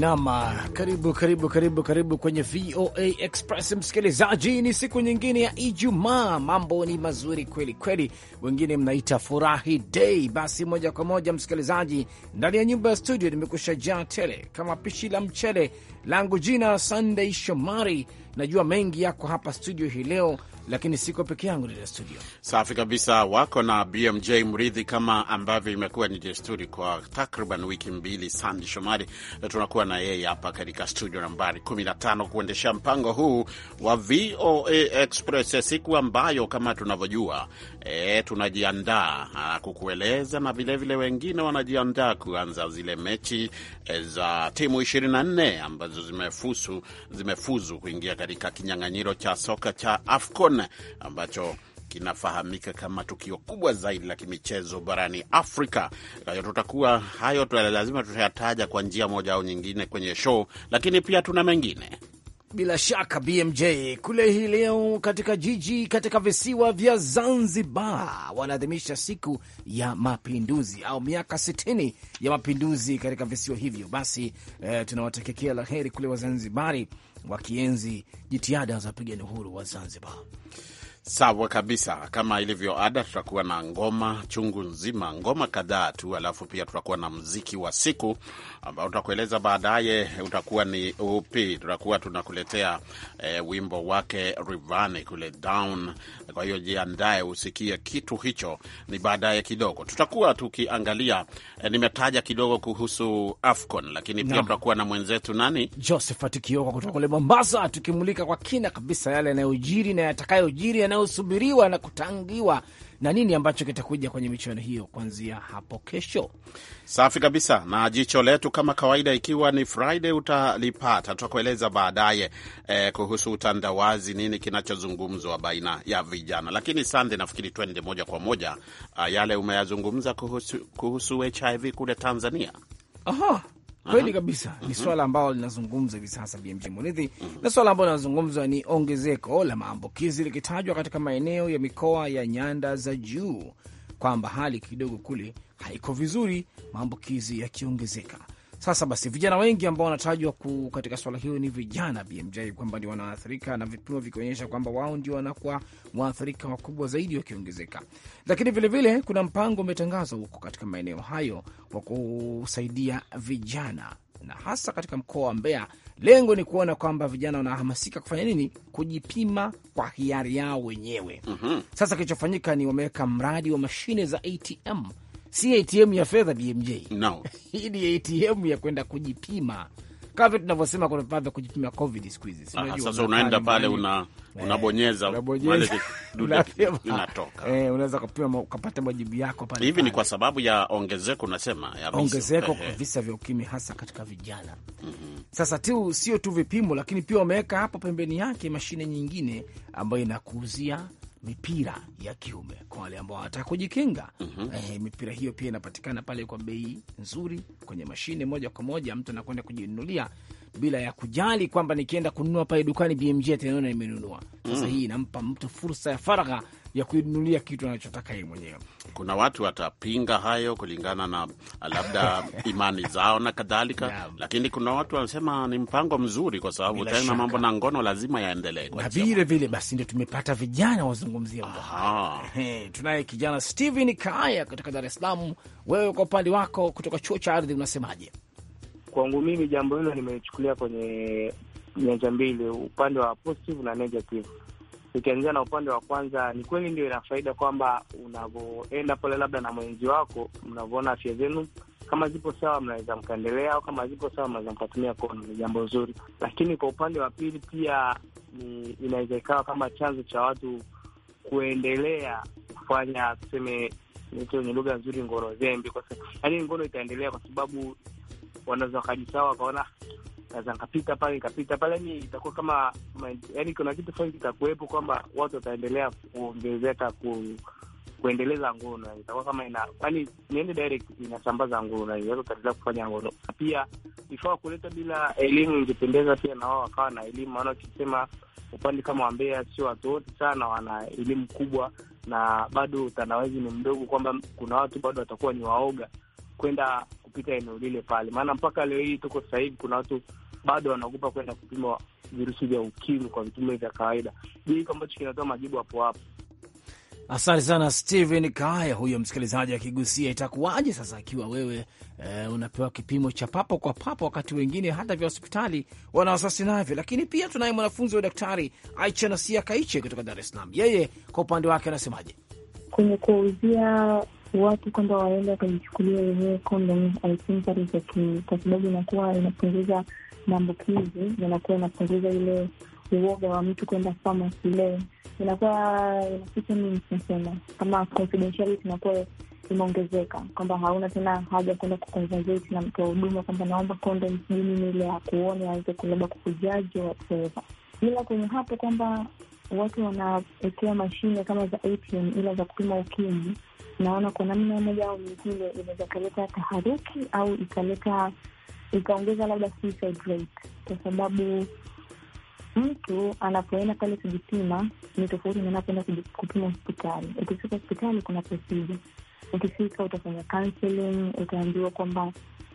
Nam, ah, karibu karibu karibu karibu kwenye VOA Express msikilizaji, ni siku nyingine ya Ijumaa. Mambo ni mazuri kweli kweli, wengine mnaita furahi dai Basi moja kwa moja msikilizaji, ndani ya nyumba ya studio nimekusha jaa tele kama pishi la mchele langu jina Sunday Shomari. Najua mengi yako hapa studio hii leo, lakini siko peke yangu ndani ya studio. Safi kabisa, wako na BMJ Mridhi, kama ambavyo imekuwa ni desturi kwa takriban wiki mbili. Sandi Shomari tunakuwa na yeye hapa katika studio nambari 15 kuendesha mpango huu wa VOA Express, siku ambayo kama tunavyojua e, tunajiandaa kukueleza na vilevile wengine wanajiandaa kuanza zile mechi e, za timu 24 ambazo ambazo zimefusu, zimefuzu kuingia katika kinyang'anyiro cha soka cha AFCON ambacho kinafahamika kama tukio kubwa zaidi la kimichezo barani Afrika. Tutakuwa hayo lazima tutayataja kwa njia moja au nyingine kwenye show, lakini pia tuna mengine bila shaka BMJ kule hii leo katika jiji, katika visiwa vya Zanzibar wanaadhimisha siku ya mapinduzi au miaka 60 ya mapinduzi katika visiwa hivyo. Basi eh, tunawatakia kila la heri kule Wazanzibari wakienzi jitihada za wapigania uhuru wa Zanzibar. Sawa kabisa, kama ilivyo ada, tutakuwa na ngoma chungu nzima, ngoma kadhaa tu, alafu pia tutakuwa na mziki wa siku ambao tutakueleza baadaye utakuwa ni upi. Tutakuwa tunakuletea e, wimbo wake Rivani kule down. Kwa hiyo jiandae usikie kitu hicho, ni baadaye kidogo. Tutakuwa tukiangalia e, nimetaja kidogo kuhusu AFCON, lakini pia tutakuwa na mwenzetu nani, Josephat Kioko kutoka kule Mombasa, tukimulika kwa kina kabisa yale yanayojiri na yatakayojiri yanayo yanayosubiriwa na kutangiwa na nini ambacho kitakuja kwenye michuano hiyo kuanzia hapo kesho. Safi kabisa. Na jicho letu kama kawaida, ikiwa ni Friday utalipata, tutakueleza baadaye eh, kuhusu utandawazi, nini kinachozungumzwa baina ya vijana. Lakini sande, nafikiri twende moja kwa moja, uh, yale umeyazungumza kuhusu, kuhusu HIV kule Tanzania. Aha. Kweli kabisa ni mhm. swala ambalo linazungumza hivi sasa BMJ Muridhi, na swala ambalo linazungumzwa ni ongezeko la maambukizi likitajwa katika maeneo ya mikoa ya nyanda za juu kwamba hali kidogo kule haiko vizuri, maambukizi yakiongezeka. Sasa basi, vijana wengi ambao wanatajwa katika swala hilo ni vijana BMJ, kwamba ndio wanaathirika na vipimo vikionyesha kwamba wao ndio wanakuwa waathirika wakubwa zaidi wakiongezeka. Lakini vilevile vile, kuna mpango umetangazwa huko katika maeneo hayo wa kusaidia vijana na hasa katika mkoa wa Mbeya. Lengo ni kuona kwamba vijana wanahamasika kufanya nini? Kujipima kwa hiari yao wenyewe. mm -hmm. Sasa kilichofanyika ni wameweka mradi wa mashine za ATM si ATM ya fedha BMJ. No. hii ni ATM ya kwenda kujipima kama vile tunavyosema kuna vifaa vya kujipima COVID siku hizi. Sasa unaenda pale una unabonyeza eh, inatoka, eh, unaweza kupima ukapata majibu yako pale. Hivi ni kwa sababu ya ongezeko unasema ya ongezeko kwa visa vya ukimwi hasa katika vijana. mm -hmm. Sasa tu sio tu vipimo, lakini pia wameweka hapo pembeni yake mashine nyingine ambayo inakuuzia mipira ya kiume kwa wale ambao wanataka kujikinga. mm -hmm. Eh, mipira hiyo pia inapatikana pale kwa bei nzuri kwenye mashine moja kwa moja, mtu anakwenda kujinunulia bila ya kujali kwamba nikienda kununua pale dukani BMJ ataniona nimenunua. Sasa mm -hmm. hii inampa mtu fursa ya faragha ya kuinunulia kitu anachotaka yeye mwenyewe. Kuna watu watapinga hayo kulingana na labda imani zao na kadhalika Lakini kuna watu wanasema ni mpango mzuri, kwa sababu tena mambo na ngono lazima yaendelee na vile vile. Basi ndio tumepata vijana wazungumzia tunaye kijana Steven Kaaya kutoka Dar es Salaam. Wewe kwa upande wako kutoka chuo cha ardhi unasemaje? Kwangu mimi jambo hilo nimechukulia kwenye nyanja mbili, upande wa positive na negative. Nikianzia na upande wa kwanza, ni kweli ndio ina faida kwamba unavyoenda pale labda na mwenzi wako, mnavyoona afya zenu kama zipo sawa, mnaweza mkaendelea, au kama zipo sawa, mnaweza mkatumia kono. Ni jambo zuri, lakini kwa upande wa pili pia ni inaweza ikawa kama chanzo cha watu kuendelea kufanya tuseme, wenye lugha nzuri, ngono zembi, yaani ngono itaendelea kwa sababu wanaweza wakajisawa wakaona naweza nikapita pale nikapita pale, ni itakuwa kama yani kuna kitu fulani kitakuwepo kwamba watu wataendelea kuongezeka ku kuendeleza ngono, itakuwa kama ina yani niende direct inasambaza ngono, yani watu wataendelea kufanya ngono. Pia ifaa kuleta bila elimu, ingependeza pia na wao wakawa na elimu, maana ukisema upande kama wa Mbeya sio watu wote sana wana elimu kubwa, na bado utandawazi ni mdogo, kwamba kuna watu bado watakuwa ni waoga kwenda kupita eneo lile pale, maana mpaka leo hii tuko sasa hivi kuna watu bado wanaogopa kwenda kupima virusi vya ukimwi kwa vipimo vya kawaida. Ni hiko ambacho kinatoa majibu hapo hapo. Asante sana Steven Kaya, huyo msikilizaji akigusia itakuwaje sasa akiwa wewe e, unapewa kipimo cha papo kwa papo, wakati wengine hata vya hospitali wana wasiwasi navyo. Lakini pia tunaye mwanafunzi wa daktari Aicha Nasia Kaiche kutoka Dar es Salaam. Yeye kwa upande wake anasemaje kwenye kuuzia watu kwamba waenda wakajichukulia wenyewe kondom, kwa sababu inakuwa inapunguza maambukizi, inakuwa inapunguza ile uoga wa mtu kwenda famasi. Leo inakuwa inaficha nini, tunasema kama confidentiality inakuwa imeongezeka, kwamba hauna tena haja kwenda kuconversate na wa huduma kwamba naomba kondom, sijui ile akuone aweze kulaba kukujaji whatsoever, ila kwenye hapo kwamba watu wanaekea mashine kama za ATM ila za kupima ukimwi naona kwa namna moja au nyingine inaweza ikaleta taharuki au ikaleta ikaongeza labda suicide rate, kwa sababu mtu anapoenda pale kujipima ni tofauti na anapoenda kupima hospitali. Ukifika hospitali kuna procedure, ukifika utafanya counseling, utaambiwa kwamba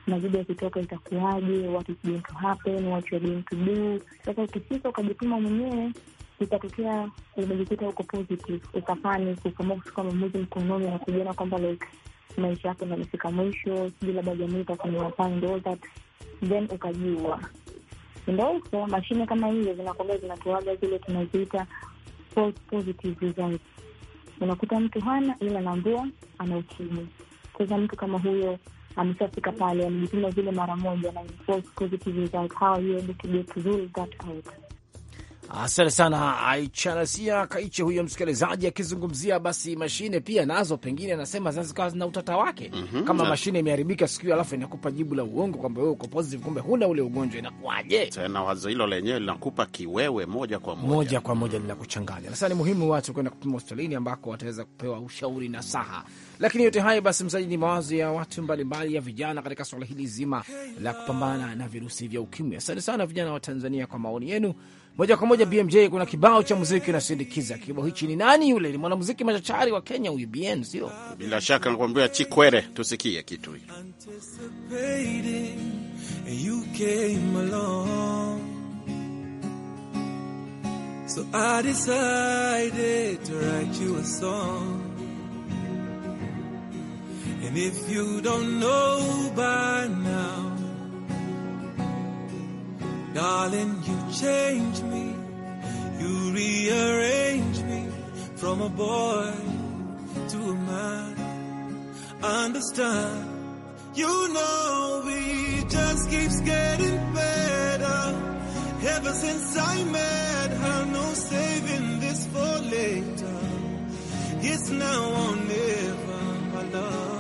majibu yakitoka itakuwaje, what is going to happen, what you are going to do. Sasa ukifika ukajipima mwenyewe ikatokea umejikuta uko positive, ukafani kuamua kuchukua maamuzi mkononi na kujiona kwamba like maisha yako namefika mwisho, sijui labda jamii itakunyapandolthat then ukajiua. Ndauso mashine kama hiyo zinakuambia, zinatoaga zile tunaziita positive results. Unakuta mtu hana ila anaambua ana ukimwi. Sasa mtu kama huyo ameshafika pale, amejipima zile mara moja na positive result, how are you able to get rule that out? Asante sana Aicharasia Kaiche, huyo msikilizaji akizungumzia basi mashine pia nazo pengine anasema zinaweza zikawa zina utata wake. mm -hmm. Kama mashine imeharibika sikio, alafu inakupa jibu la uongo kwamba wewe uko positive, kumbe huna ule ugonjwa, inakuwaje? Tena wazo hilo lenyewe linakupa kiwewe moja kwa moja, moja kwa moja linakuchanganya. Sasa ni muhimu watu kwenda kupima hospitalini ambako wataweza kupewa ushauri na saha lakini yote hayo basi, mzaji, ni mawazo ya watu mbalimbali ya vijana katika swala hili zima la kupambana na virusi vya ukimwi. Asante sana vijana wa Tanzania kwa maoni yenu. Moja kwa moja, BMJ, kuna kibao cha muziki unasindikiza kibao hichi. Ni nani yule? Ni mwanamuziki machachari wa Kenya huyu, BN sio? Bila shaka nakuambia Chikwere. Tusikie kitu hicho. So I decided to write you a song And if you don't know by now, darling, you change me. You rearrange me from a boy to a man. Understand, you know we just keeps getting better. Ever since I met her, no saving this for later. It's now or never, my love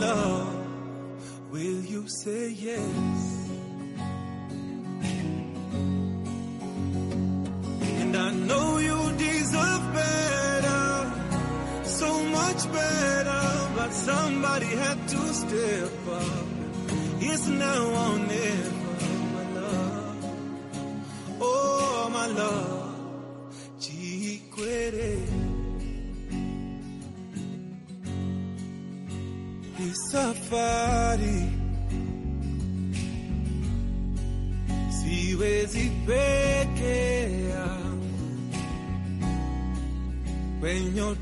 love, will you say yes? And I know you deserve better, so much better, but somebody had to step up. It's now or never, my love. Oh, my love.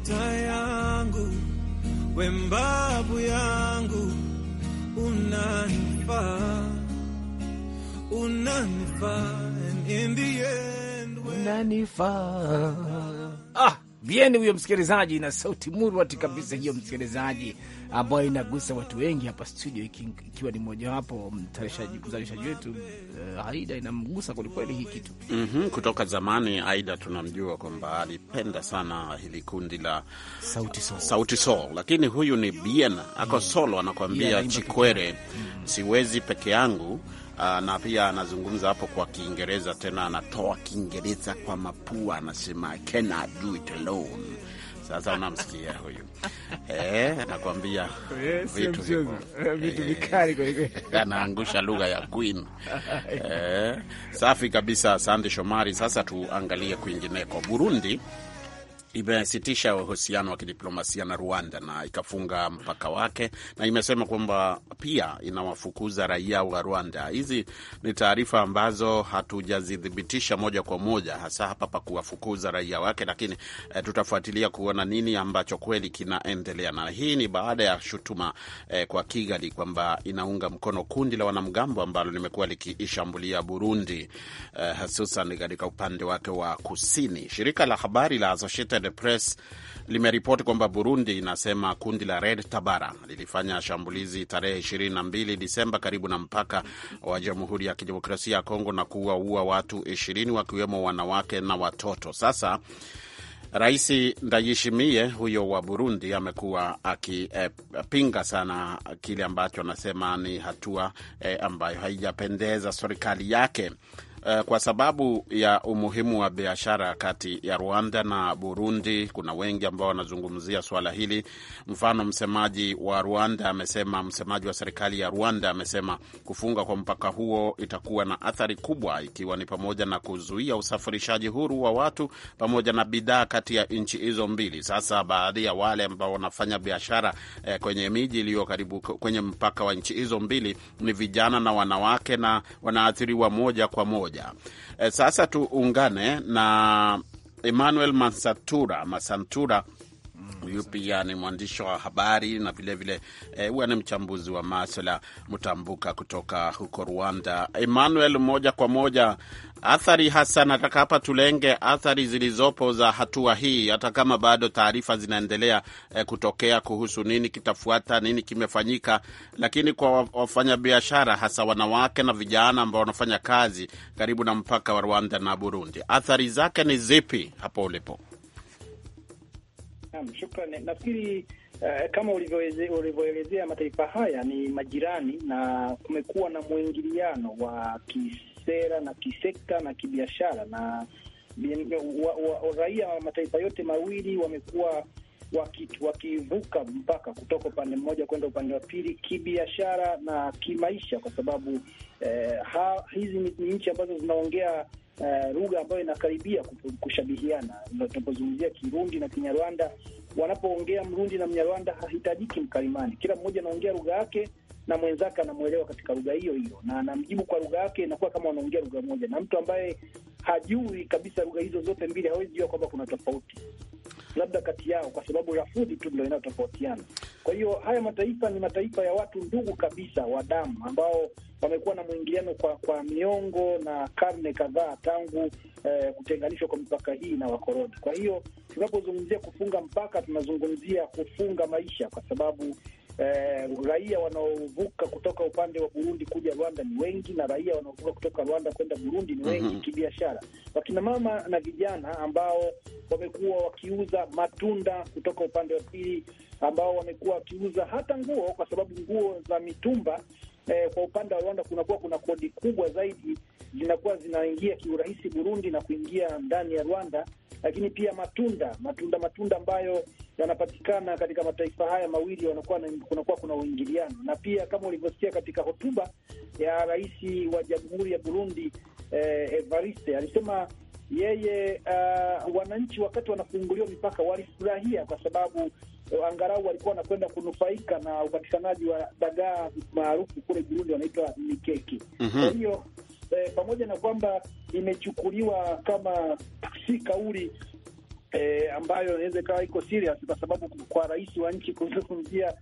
Sekta yangu we mbabu yangu, unanifaa unanifaa, and in the end unanifaa Bien huyo msikilizaji, na sauti murwati kabisa hiyo msikilizaji, ambayo inagusa watu wengi hapa studio, ikiwa ni mojawapo mzalishaji wetu uh, Aida inamgusa kwelikweli hii kitu mm -hmm. Kutoka zamani Aida tunamjua kwamba alipenda sana hili kundi la sauti soul, sauti soul, lakini huyu ni Bien ako mm. solo, anakuambia Chikwere, mm. siwezi peke yangu Ah, na pia anazungumza hapo kwa Kiingereza, tena anatoa Kiingereza kwa mapua, anasema cannot do it alone. Sasa unamsikia huyu eh, nakwambia eh, vitu eh, vitu eh, vikali kweli, anaangusha lugha ya Queen eh, safi kabisa. Asante Shomari. Sasa tuangalie kwingineko, Burundi imesitisha uhusiano wa kidiplomasia na Rwanda na ikafunga mpaka wake, na imesema kwamba pia inawafukuza raia wa Rwanda. Hizi ni taarifa ambazo hatujazithibitisha moja kwa moja, hasa hapa pa kuwafukuza raia wake, lakini eh, tutafuatilia kuona nini ambacho kweli kinaendelea. Na hii ni baada ya shutuma eh, kwa Kigali kwamba inaunga mkono kundi la wanamgambo ambalo limekuwa likiishambulia Burundi, eh, hususan katika upande wake wa kusini. Shirika la habari la Associated The Press limeripoti kwamba Burundi inasema kundi la Red Tabara lilifanya shambulizi tarehe 22 Disemba karibu na mpaka wa Jamhuri ya Kidemokrasia ya Kongo na kuwaua watu 20 wakiwemo wanawake na watoto. Sasa Rais Ndayishimiye huyo wa Burundi amekuwa akipinga e, sana kile ambacho anasema ni hatua e, ambayo haijapendeza serikali yake. Eh, kwa sababu ya umuhimu wa biashara kati ya Rwanda na Burundi. Kuna wengi ambao wanazungumzia swala hili. Mfano, msemaji wa Rwanda amesema, msemaji wa serikali ya Rwanda amesema kufunga kwa mpaka huo itakuwa na athari kubwa, ikiwa ni pamoja na kuzuia usafirishaji huru wa watu pamoja na bidhaa kati ya nchi hizo mbili. Sasa baadhi ya wale ambao wanafanya biashara eh, kwenye miji iliyo karibu kwenye mpaka wa nchi hizo mbili ni vijana na wanawake, na wanaathiriwa moja kwa moja moja. Eh, sasa tuungane na Emmanuel Masantura Masantura Huyu pia ni mwandishi wa habari na vilevile eh, huwa vile, e, ni mchambuzi wa maswala mtambuka kutoka huko Rwanda. Emmanuel, moja kwa moja athari hasa, nataka hapa tulenge athari zilizopo za hatua hii, hata kama bado taarifa zinaendelea e, kutokea kuhusu nini kitafuata, nini kimefanyika, lakini kwa wafanyabiashara hasa wanawake na vijana ambao wanafanya kazi karibu na mpaka wa Rwanda na Burundi, athari zake ni zipi hapo ulipo? Naam, shukrani. Nafikiri uh, kama ulivyoelezea mataifa haya ni majirani na kumekuwa na mwingiliano wa kisera na kisekta na kibiashara na wa, wa, raia wa mataifa yote mawili wamekuwa wakivuka waki mpaka kutoka upande mmoja kwenda upande wa pili kibiashara na kimaisha, kwa sababu eh, ha, hizi ni nchi ambazo zinaongea Eh, lugha uh, ambayo inakaribia kushabihiana. Tunapozungumzia Kirundi na Kinyarwanda, wanapoongea Mrundi na Mnyarwanda hahitajiki mkalimani, kila mmoja anaongea lugha yake na mwenzake anamwelewa katika lugha hiyo hiyo na anamjibu kwa lugha yake, inakuwa kama wanaongea lugha moja. Na mtu ambaye hajui kabisa lugha hizo zote mbili hawezi jua kwamba kuna tofauti labda kati yao, kwa sababu lafudhi tu ndio inayotofautiana. Kwa hiyo haya mataifa ni mataifa ya watu ndugu kabisa wa damu ambao wamekuwa na mwingiliano kwa, kwa miongo na karne kadhaa tangu eh, kutenganishwa kwa mipaka hii na wakoroni. Kwa hiyo tunapozungumzia kufunga mpaka, tunazungumzia kufunga maisha, kwa sababu eh, raia wanaovuka kutoka upande wa Burundi kuja Rwanda ni wengi, na raia wanaovuka kutoka Rwanda kwenda Burundi ni wengi mm -hmm. Kibiashara, wakinamama na vijana ambao wamekuwa wakiuza matunda kutoka upande wa pili ambao wamekuwa wakiuza hata nguo kwa sababu nguo za mitumba eh, kwa upande wa Rwanda kunakuwa kuna kodi kubwa zaidi zinakuwa zinaingia kiurahisi Burundi na kuingia ndani ya Rwanda, lakini pia matunda matunda matunda ambayo yanapatikana katika mataifa haya mawili wanakuwa kunakuwa kuna uingiliano, na pia kama ulivyosikia katika hotuba ya rais wa jamhuri ya Burundi eh, Evariste alisema yeye uh, wananchi wakati wanafunguliwa mipaka walifurahia kwa sababu angalau walikuwa wanakwenda kunufaika na upatikanaji wa dagaa maarufu kule Burundi wanaitwa mikeki. mm -hmm. Kwa hiyo eh, pamoja na kwamba imechukuliwa kama si kauli e, ambayo inaweza ikawa iko serious kwa sababu kwa rais wa nchi kuzungumzia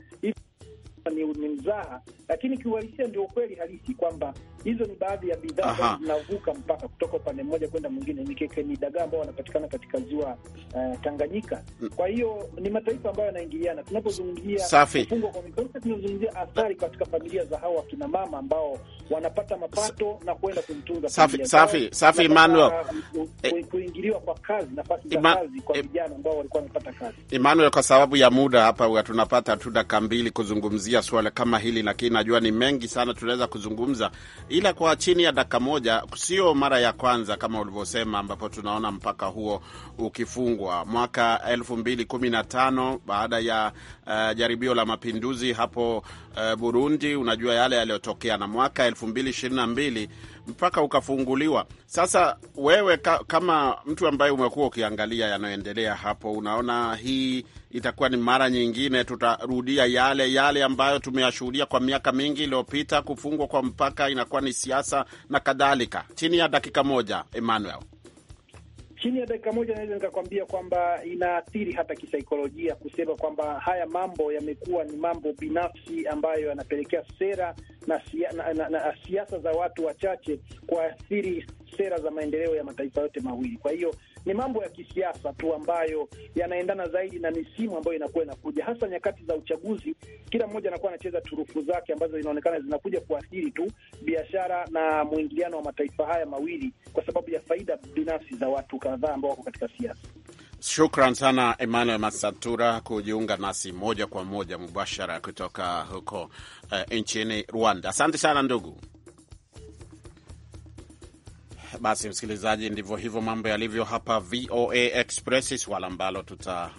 ni mzaha, lakini kiuhalisia ndio ukweli halisi kwamba Hizo ni baadhi ya bidhaa zinavuka mpaka kutoka upande mmoja kwenda mwingine. Ni, ni dagaa ambao wanapatikana katika ziwa uh, Tanganyika. Mm. Kwa hiyo ni mataifa ambayo yanaingiliana. Tunapozungumzia kufungwa kwa mikoa, tunazungumzia athari katika familia za hawa wakina mama ambao wanapata mapato na kuenda kumtunza safi, safi, safi Emmanuel, eh, kuingiliwa kwa kazi, nafasi za Ima, kazi kwa vijana ambao walikuwa wanapata kazi. Emmanuel, kwa sababu ya muda hapa tunapata tu dakika mbili kuzungumzia swala kama hili, lakini najua ni mengi sana tunaweza kuzungumza ila kwa chini ya dakika moja. Sio mara ya kwanza kama ulivyosema, ambapo tunaona mpaka huo ukifungwa mwaka elfu mbili kumi na tano baada ya uh, jaribio la mapinduzi hapo uh, Burundi. Unajua yale yaliyotokea, na mwaka elfu mbili na mbili mpaka ukafunguliwa. Sasa wewe ka, kama mtu ambaye umekuwa ukiangalia yanayoendelea hapo, unaona hii itakuwa ni mara nyingine tutarudia yale yale ambayo tumeyashuhudia kwa miaka mingi iliyopita. Kufungwa kwa mpaka inakuwa ni siasa na kadhalika. Chini ya dakika moja, Emmanuel chini ya dakika moja naweza nikakwambia kwamba inaathiri hata kisaikolojia, kusema kwamba haya mambo yamekuwa ni mambo binafsi ambayo yanapelekea sera na, na, na, na siasa za watu wachache kuathiri sera za maendeleo ya mataifa yote mawili. Kwa hiyo ni mambo ya kisiasa tu ambayo yanaendana zaidi na misimu ambayo inakuwa inakuja, hasa nyakati za uchaguzi. Kila mmoja anakuwa anacheza turufu zake ambazo zinaonekana zinakuja kuathiri tu biashara na mwingiliano wa mataifa haya mawili, kwa sababu ya faida binafsi za watu kadhaa ambao wako katika siasa. Shukran sana Emmanuel Masatura kujiunga nasi moja kwa moja mubashara kutoka huko uh, nchini Rwanda. Asante sana ndugu. Basi msikilizaji, ndivyo hivyo mambo yalivyo hapa VOA Express, swala ambalo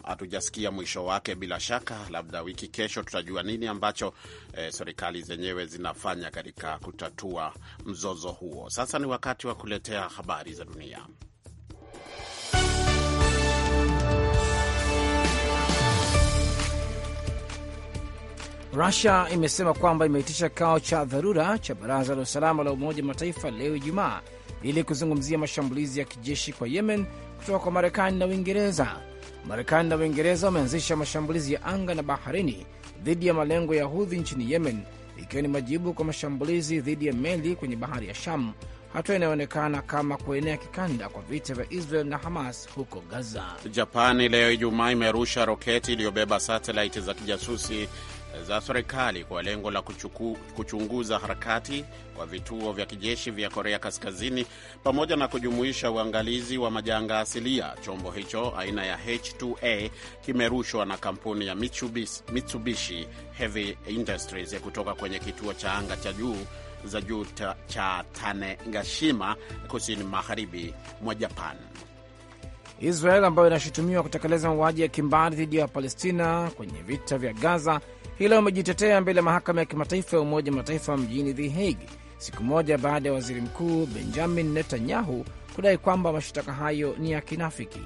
hatujasikia mwisho wake. Bila shaka, labda wiki kesho tutajua nini ambacho eh, serikali zenyewe zinafanya katika kutatua mzozo huo. Sasa ni wakati wa kuletea habari za dunia. Rusia imesema kwamba imeitisha kikao cha dharura cha baraza la usalama la Umoja Mataifa leo Ijumaa ili kuzungumzia mashambulizi ya kijeshi kwa Yemen kutoka kwa Marekani na Uingereza. Marekani na Uingereza wameanzisha mashambulizi ya anga na baharini dhidi ya malengo ya Hudhi nchini Yemen, ikiwa ni majibu kwa mashambulizi dhidi ya meli kwenye bahari ya Sham, hatua inayoonekana kama kuenea kikanda kwa vita vya Israel na Hamas huko Gaza. Japani leo Ijumaa imerusha roketi iliyobeba satelaiti za kijasusi za serikali kwa lengo la kuchuku, kuchunguza harakati kwa vituo vya kijeshi vya Korea Kaskazini pamoja na kujumuisha uangalizi wa majanga asilia. Chombo hicho aina ya H2A kimerushwa na kampuni ya Mitsubishi, Mitsubishi Heavy Industries kutoka kwenye kituo cha anga cha juu za juu ta, cha Tanegashima kusini magharibi mwa Japan. Israel ambayo inashutumiwa kutekeleza mauaji ya kimbari dhidi ya Palestina kwenye vita vya Gaza hilo amejitetea mbele ya mahakama ya kimataifa ya Umoja Mataifa mjini The Hague siku moja baada ya waziri mkuu Benjamin Netanyahu kudai kwamba mashtaka hayo ni ya kinafiki.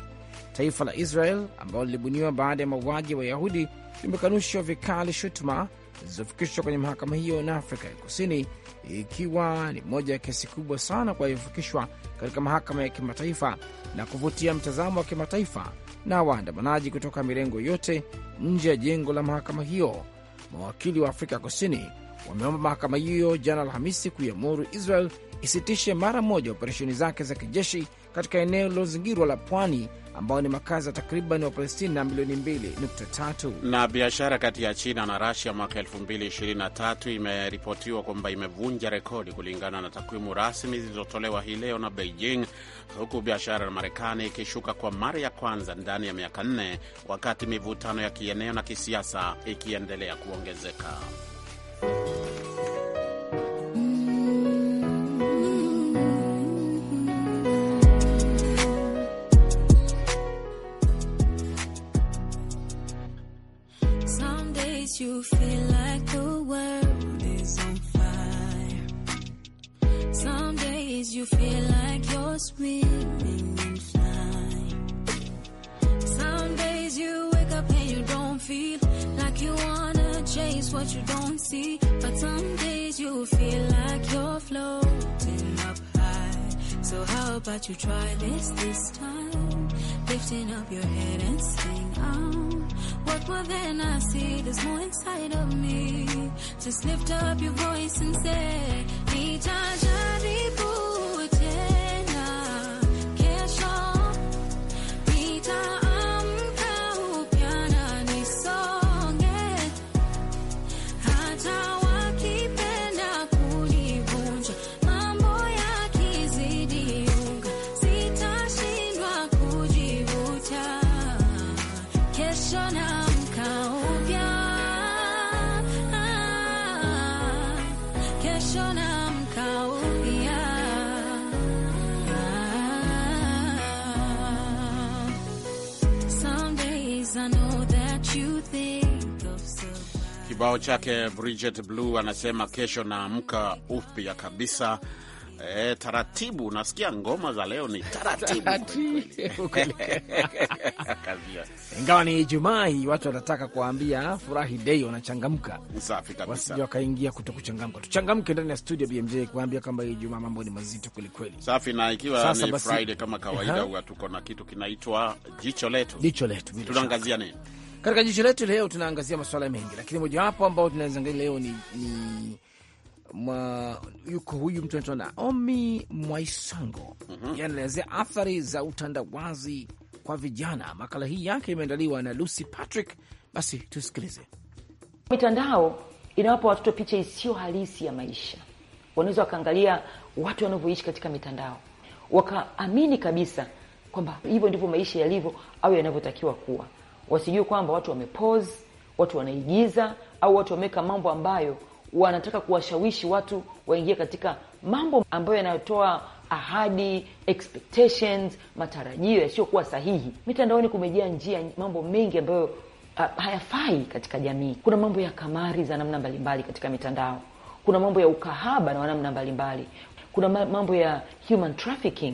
Taifa la Israel ambalo lilibuniwa baada ya mauaji ya Wayahudi limekanushwa vikali shutuma zilizofikishwa kwenye mahakama hiyo na Afrika ya Kusini, ikiwa ni moja ya kesi kubwa sana kuwayofikishwa katika mahakama ya kimataifa na kuvutia mtazamo wa kimataifa na waandamanaji kutoka mirengo yote nje ya jengo la mahakama hiyo mawakili wa Afrika Kusini wameomba mahakama hiyo jana Alhamisi kuiamuru Israel isitishe mara moja operesheni zake za kijeshi katika eneo lilozingirwa la pwani ambao ni makazi ya takriban Wapalestina milioni 2.3. Na biashara kati ya China na Rasia mwaka 2023 imeripotiwa kwamba imevunja rekodi kulingana na takwimu rasmi zilizotolewa hii leo na Beijing, huku biashara na Marekani ikishuka kwa mara ya kwanza ndani ya miaka nne, wakati mivutano ya kieneo na kisiasa ikiendelea kuongezeka. makes you feel like the world is on fire. Some days you feel like you're swimming in flying. Some days you wake up and you don't feel like you wanna chase what you don't see. But some days you feel like you're floating up high. So how about you try this this time? Lifting up your head and see down. What more than I see? There's more inside of me. Just lift up your voice and say, Nita Jadi Kibao chake Bridget Blue anasema kesho naamka upya kabisa. E, taratibu. Nasikia ngoma za leo ni taratibu, ingawa ni Ijumaa hii, watu wanataka kuwaambia furahi dei, wanachangamka. Safi kabisa, wasije wakaingia kuto kuchangamka. Tuchangamke ndani ya studio BMJ kuambia kwamba Ijumaa mambo ni mazito kwelikweli. Safi, na ikiwa sasa ni Friday kama kawaida, huwa tuko na kitu kinaitwa jicho letu. Jicho letu tunaangazia nini? Katika jicho letu leo tunaangazia masuala mengi, lakini mojawapo ambao tunaangalia leo ni, ni ma, yuko huyu mtu anaitwa Naomi Mwaisango mm -hmm. yanaelezea athari za utandawazi kwa vijana. Makala hii yake imeandaliwa na Lucy Patrick. Basi tusikilize. Mitandao inawapa watoto picha isiyo halisi ya maisha. Wanaweza wakaangalia watu wanavyoishi katika mitandao wakaamini kabisa kwamba hivyo ndivyo maisha yalivyo au yanavyotakiwa kuwa wasijue kwamba watu wamepose, watu wanaigiza, au watu wameweka mambo ambayo wanataka kuwashawishi watu waingie katika mambo ambayo yanayotoa ahadi, expectations, matarajio yasiyokuwa sahihi. Mitandaoni kumejaa njia, mambo mengi ambayo uh, hayafai katika jamii. Kuna mambo ya kamari za namna mbalimbali katika mitandao, kuna mambo ya ukahaba na wanamna mbalimbali, kuna mambo ya human trafficking,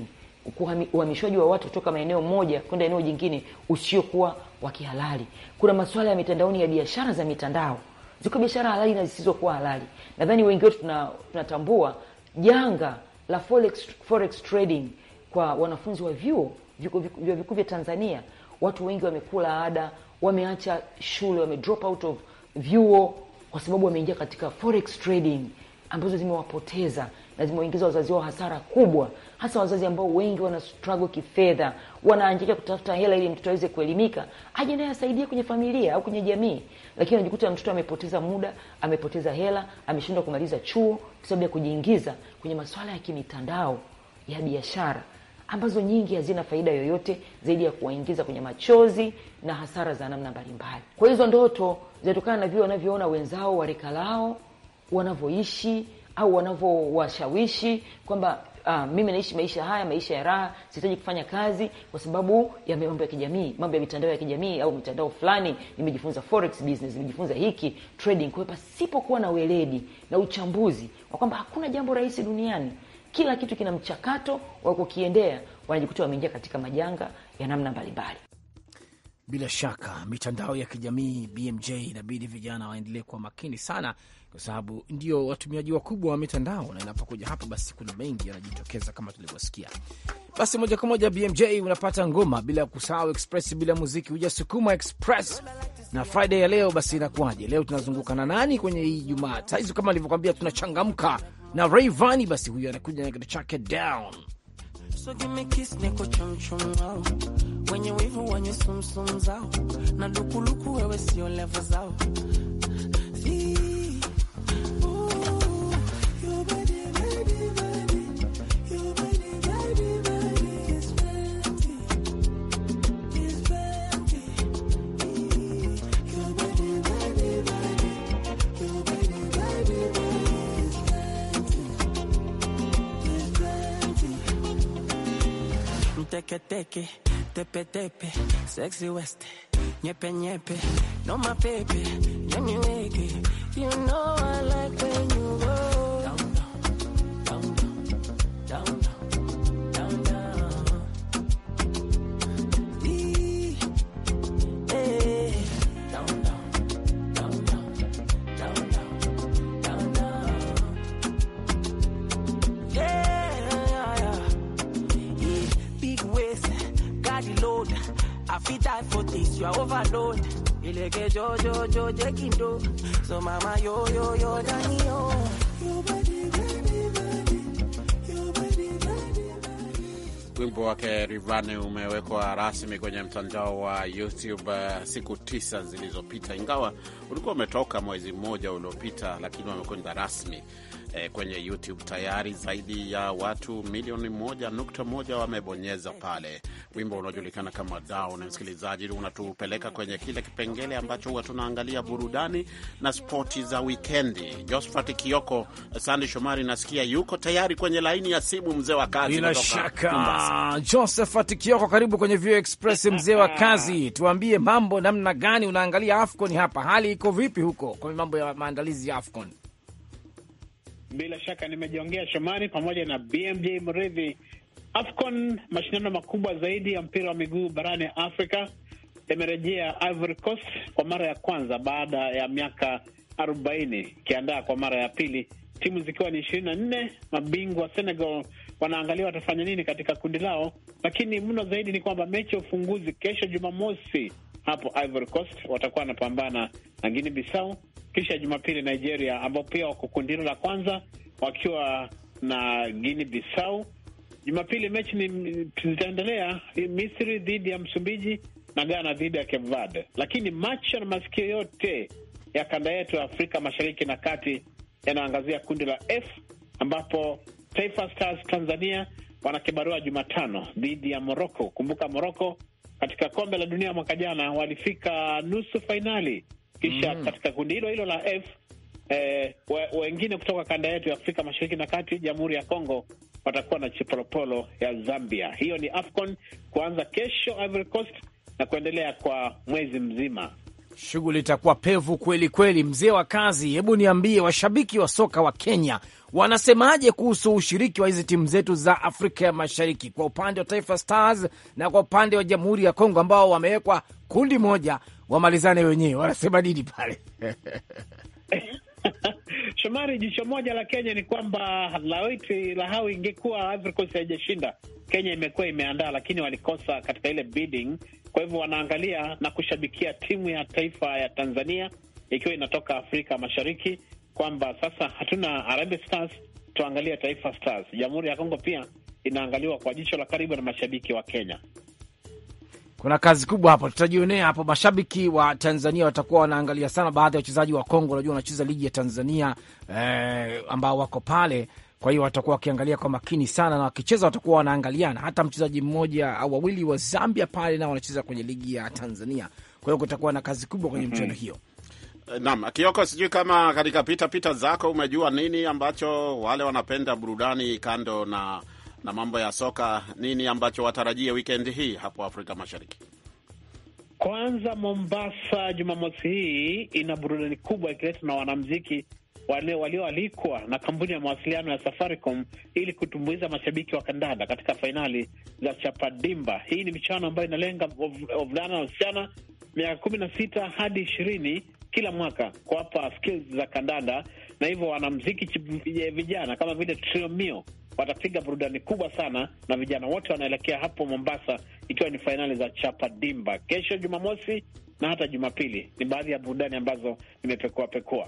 uhamishwaji wa watu kutoka maeneo moja kwenda eneo jingine usiokuwa wa kihalali. Kuna masuala ya mitandaoni ya biashara za mitandao, ziko biashara halali na zisizokuwa halali. Nadhani wengi wetu tunatambua janga la forex, forex trading kwa wanafunzi wa vyuo vikuu vya Tanzania. Watu wengi wamekula ada, wameacha shule, wame drop out of vyuo kwa sababu wameingia katika forex trading ambazo zimewapoteza na zimewaingiza wazazi wao hasara kubwa, hasa wazazi ambao wengi wana struggle kifedha, wanaanjika kutafuta hela ili mtoto aweze kuelimika, aje naye asaidie kwenye familia au kwenye jamii, lakini anajikuta mtoto amepoteza muda, amepoteza hela, ameshindwa kumaliza chuo kwa sababu ya kujiingiza kwenye masuala ya kimitandao ya biashara ambazo nyingi hazina faida yoyote zaidi ya kuwaingiza kwenye machozi na hasara za namna mbalimbali. Kwa hizo ndoto zinatokana na vile wanavyoona wenzao wa rika lao wanavyoishi au wanavyowashawishi kwamba Uh, mimi naishi maisha haya, maisha ya raha, sihitaji kufanya kazi kwa sababu ya mambo ya kijamii, mambo ya mitandao ya kijamii au mitandao fulani. Nimejifunza forex business, nimejifunza hiki trading. Kwa hiyo pasipokuwa na weledi na uchambuzi wa kwamba hakuna jambo rahisi duniani, kila kitu kina mchakato wa kukiendea, wanajikuta wameingia katika majanga ya namna mbalimbali. Bila shaka mitandao ya kijamii BMJ, inabidi vijana waendelee kuwa makini sana kwa sababu ndio watumiaji wakubwa wa mitandao, na inapokuja hapa basi kuna mengi yanajitokeza kama tulivyosikia. Basi moja kwa moja BMJ unapata ngoma bila kusahau express, bila muziki hujasukuma express. Na Friday ya leo basi inakuwaje? Leo tunazunguka na nani kwenye hii Jumaa saizi? Kama alivyokwambia, tunachangamka na Rayvanny, basi huyu anakuja na kitu chake down So give me kiss niko chumchum wao wenye wivu wenye sumsum zao na wewe sio zao teketeke, tepetepe, sexy west, nyepe nyepe, no mapepe, yani you know I like when you roll. I fit die for this, you are overload. Ileke jo jo jo kindo. So mama yo yo yo dani yo. Wimbo wake Rivani umewekwa rasmi kwenye mtandao wa YouTube uh, siku tisa zilizopita, ingawa ulikuwa umetoka mwezi mmoja uliopita, lakini wamekwenda rasmi eh, kwenye YouTube tayari zaidi ya watu milioni moja nukta moja wamebonyeza pale. Wimbo unaojulikana kama Down. Msikilizaji, unatupeleka kwenye kile kipengele ambacho huwa tunaangalia burudani na spoti za wikendi. Josphat Kioko, Sandi Shomari nasikia yuko tayari kwenye laini ya simu, mzee wa kazi. Bila shaka Josephat Kioko, karibu kwenye Vio Express. Mzee wa kazi, tuambie mambo namna gani? Unaangalia AFCON hapa, hali iko vipi huko kwa mambo ya maandalizi ya AFCON? Bila shaka nimejiongea Shomari pamoja na BMJ Mridhi. AFCON, mashindano makubwa zaidi ya mpira wa miguu barani Afrika, imerejea Ivory Coast kwa mara ya kwanza baada ya miaka arobaini ikiandaa kwa mara ya pili, timu zikiwa ni ishirini na nne. Mabingwa Senegal wanaangalia watafanya nini katika kundi lao, lakini mno zaidi ni kwamba mechi ya ufunguzi kesho Jumamosi hapo Ivory Coast watakuwa wanapambana na Guinea Bissau kisha Jumapili Nigeria ambao pia wako kundi la kwanza wakiwa na Guinea Bissau. Jumapili mechi zitaendelea, eh, Misri dhidi ya Msumbiji na Ghana dhidi ya Cape Verde. Lakini macho na masikio yote ya kanda yetu ya Afrika Mashariki na Kati yanaangazia kundi la F ambapo Taifa Stars Tanzania wanakibarua Jumatano dhidi ya Moroko. Kumbuka Moroko katika kombe la dunia mwaka jana walifika nusu fainali kisha mm. katika kundi hilo hilo la F eh, wengine kutoka kanda yetu ya Afrika Mashariki na Kati, Jamhuri ya Kongo watakuwa na Chipolopolo ya Zambia. Hiyo ni AFCON kuanza kesho Ivory Coast na kuendelea kwa mwezi mzima. Shughuli itakuwa pevu kweli kweli. Mzee wa kazi, hebu niambie, washabiki wa soka wa Kenya wanasemaje kuhusu ushiriki wa hizi timu zetu za Afrika ya Mashariki kwa upande wa Taifa Stars na kwa upande wa Jamhuri ya Kongo ambao wamewekwa kundi moja wamalizane wenyewe, wanasema nini pale? Shomari, jicho moja la Kenya ni kwamba lawiti la hao ingekuwa Ivory Coast haijashinda, Kenya imekuwa imeandaa, lakini walikosa katika ile bidding. Kwa hivyo wanaangalia na kushabikia timu ya taifa ya Tanzania ikiwa inatoka Afrika Mashariki, kwamba sasa hatuna arab Stars, tuangalie Taifa Stars. Jamhuri ya Kongo pia inaangaliwa kwa jicho la karibu na mashabiki wa Kenya kuna kazi kubwa hapo tutajionea hapo. Mashabiki wa Tanzania watakuwa wanaangalia sana baadhi ya wachezaji wa Kongo, unajua wanacheza ligi ya Tanzania eh, ambao wako pale kwa hiyo watakuwa wakiangalia kwa makini sana, na wakicheza watakuwa wanaangaliana. Hata mchezaji mmoja au ah, wawili wa Zambia pale nao wanacheza kwenye ligi ya Tanzania, kwa hiyo kutakuwa na kazi kubwa kwenye mchezo mhm. hiyo. Eh, naam, Kioko, sijui kama katika pita pita zako umejua nini ambacho wale wanapenda burudani kando na na mambo ya soka, nini ambacho watarajie wikendi hii hapo Afrika Mashariki? Kwanza Mombasa Jumamosi hii ina burudani kubwa ikiletwa na wanamziki walioalikwa na kampuni ya mawasiliano ya Safaricom ili kutumbuiza mashabiki wa kandanda katika fainali za Chapadimba. Hii ni michano ambayo inalenga wavulana na wasichana miaka kumi na sita hadi ishirini kila mwaka kuwapa skills za kandanda na hivyo wanamziki vijana kama vile Trio watapiga burudani kubwa sana, na vijana wote wanaelekea hapo Mombasa, ikiwa ni fainali za Chapa Dimba kesho Jumamosi na hata Jumapili. Ni baadhi ya burudani ambazo nimepekua pekua.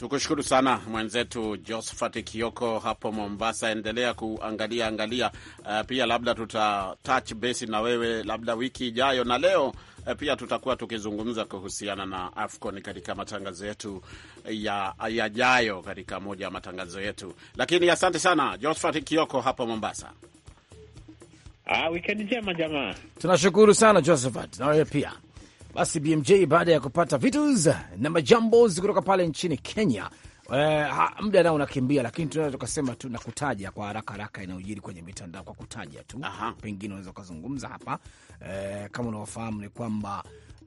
Tukushukuru sana mwenzetu Josephat Kioko hapo Mombasa. Endelea kuangalia angalia. Uh, pia labda tuta touch base na wewe labda wiki ijayo, na leo Eh, pia tutakuwa tukizungumza kuhusiana na AFCON katika matangazo yetu ya yajayo, katika moja ya matangazo yetu. Lakini asante sana Josphat Kioko hapo Mombasa. Ah, wikendi njema jamaa, tunashukuru sana Josephat, na wewe pia. Basi BMJ, baada ya kupata vitus na majambos kutoka pale nchini Kenya, Eh, muda nao unakimbia, lakini tunaweza tukasema tu na kutaja kwa haraka haraka inayojiri kwenye mitandao kwa kutaja tu. Aha. Pengine unaweza ukazungumza hapa eh, kama unaofahamu ni kwamba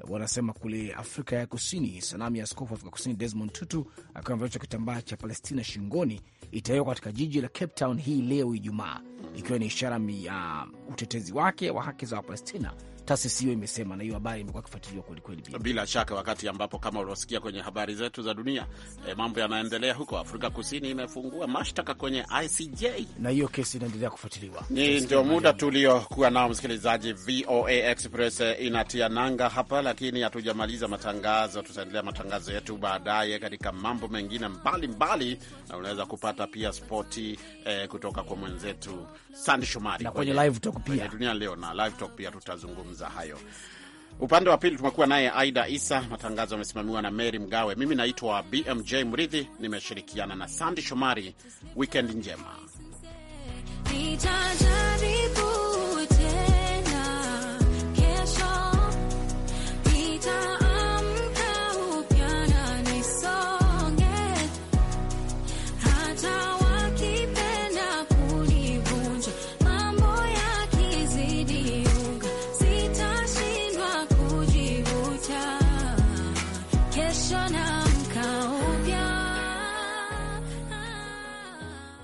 wanasema kule Afrika ya Kusini, sanamu ya askofu Afrika Kusini Desmond Tutu akiwa amevalishwa kitambaa cha Palestina shingoni itawekwa katika jiji la Cape Town hii leo Ijumaa, ikiwa ni ishara ya utetezi wake wa haki za Wapalestina taasisi hiyo imesema, na hiyo habari imekuwa ikifuatiliwa kwelikweli, bila shaka, wakati ambapo kama uliosikia kwenye habari zetu za dunia e, mambo yanaendelea huko. Afrika Kusini imefungua mashtaka kwenye ICJ na hiyo kesi inaendelea kufuatiliwa. Ni ndio muda tuliokuwa nao, msikilizaji. VOA Express eh, inatia nanga hapa, lakini hatujamaliza matangazo. Tutaendelea matangazo yetu baadaye katika mambo mengine mbalimbali, mbali, na unaweza kupata pia spoti eh, kutoka kwa mwenzetu Sandi Shomari na kwenye live talk pia, dunia leo na live talk pia tutazungumza kuzungumza hayo. Upande wa pili tumekuwa naye Aida Isa, matangazo yamesimamiwa na Mary Mgawe. Mimi naitwa BMJ Mridhi, nimeshirikiana na Sandi Shomari. Wikendi njema.